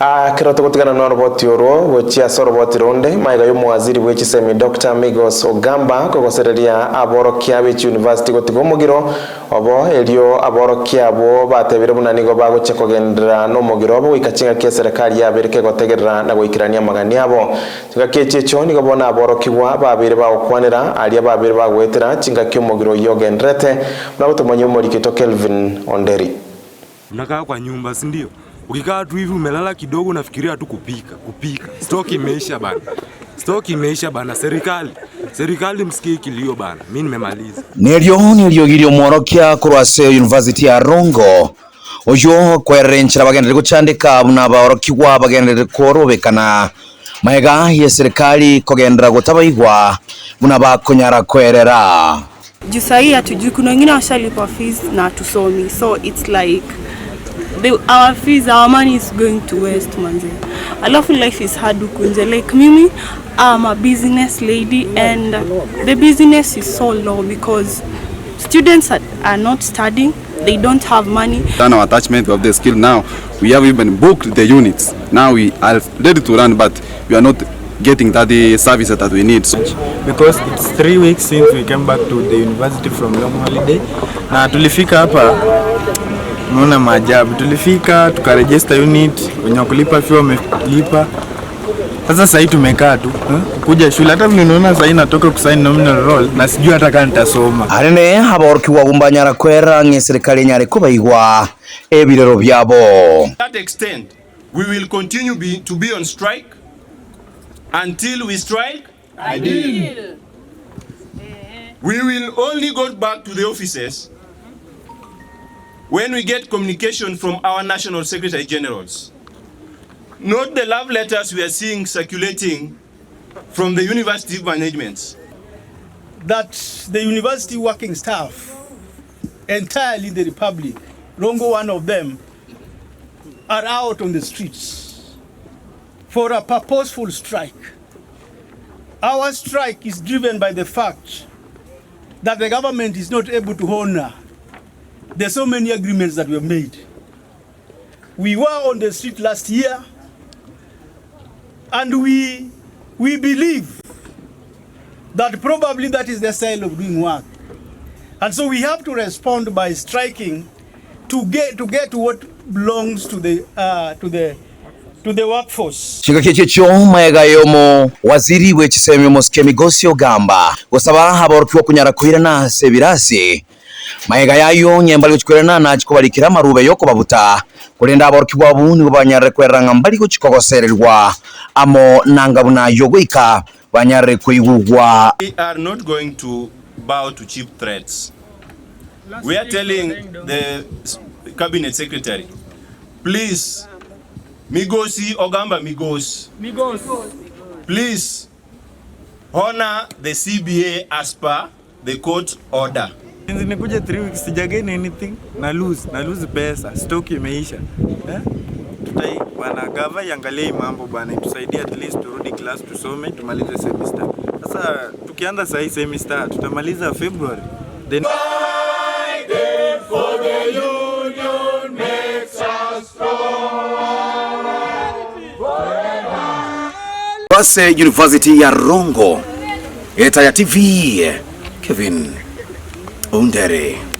Uh, ah, kiroto kutukana na roboti urwo gwichia so roboti ronde maiga yu mwaziri bwichisemi Dr. Migos Ogamba kugosereria aborokia wechi university gutigumugiro obo elio aborokia abo batebire buna nigo bagoche kugendera n'umugiro obo gwikachinga kia serikali yabere kegotegerera na gwikirania magani abo chingaki echi echo nigo bona aborokiwa babere bagokwanera aria babere bagwetera chingaki omogiro oyo ogenderete muna gotomonya omorikito Kelvin Onderi mnakaa kwa nyumba sindio Ukikaa tu hivi umelala kidogo, nafikiria tu kupika kupika. Stock imeisha bana, stock imeisha bana. Serikali serikali msikie kilio bana, mimi nimemaliza. niryo niryo girio mworokia kurwase university ya Rongo uyo kwerenchera bagendere guchandika buna baorokigwa bagendere korobekana maega ya serikali kogendera gutabaigwa buna bakunyara kwerera juu sahii hatujui, kuna wengine washalipa fees na tusomi, so it's like the, our fees, our money is going to waste manze. Alafu life is hard kunje. Like mimi I'm a business lady and the business is so low because students are, are not studying they don't have money. Done our attachment of the skill now we have even booked the units now we are ready to run but we are not getting that the service that we need so because it's three weeks since we came back to the university from long holiday na tulifika hapa unaona maajabu. Tulifika tukarejesta unit, wenye kulipa fee wamelipa. Sasa sahii tumekaa tu eh, kuja shule, hata vile unaona sasa natoka kusaini nominal roll na sijui hata kaa nitasoma anene haborki wa nyara kwera nge serikali nyari kubaigwa ebirero byabo. That extent we will continue be, to be on strike until we strike ideal. We will only go back to the offices when we get communication from our national secretary generals. Note the love letters we are seeing circulating from the university management, That the university working staff entirely in the Republic, Rongo one of them, are out on the streets for a purposeful strike. Our strike is driven by the fact that the government is not able to honor There's so many agreements that were made. We were on the street last year, and we, we believe that probably that is the style of doing work. And so we have to respond by striking to get to get what belongs to the uh, to the to the workforce. Chika keke choma egayomo waziri wechisemi moske migosi ogamba gosaba habarukiwa kunyara kuhira na sebirasi maega yayo nyembali guchikwirana na chikubalikira marube yoko babuta kulinda abaruki bwabu nigo banyarire kweranga mbali guchikogosererwa amo nangabu nangabuna yogoika banyarire kuigugwa we are not going to bow to cheap threats we are telling the cabinet secretary please migosi ogamba migos migos please honor the cba as per the court order Nikuja 3 weeks sija gain anything na lose, na lose pesa. Stock imeisha. Eh? Tutai bwana gava iangalie mambo bwana itusaidie at least turudi class tusome tumalize semester. Sasa tukianza sahi hii semester tutamaliza February. Then University ya Rongo. Eta ya TV. Kevin Woundere.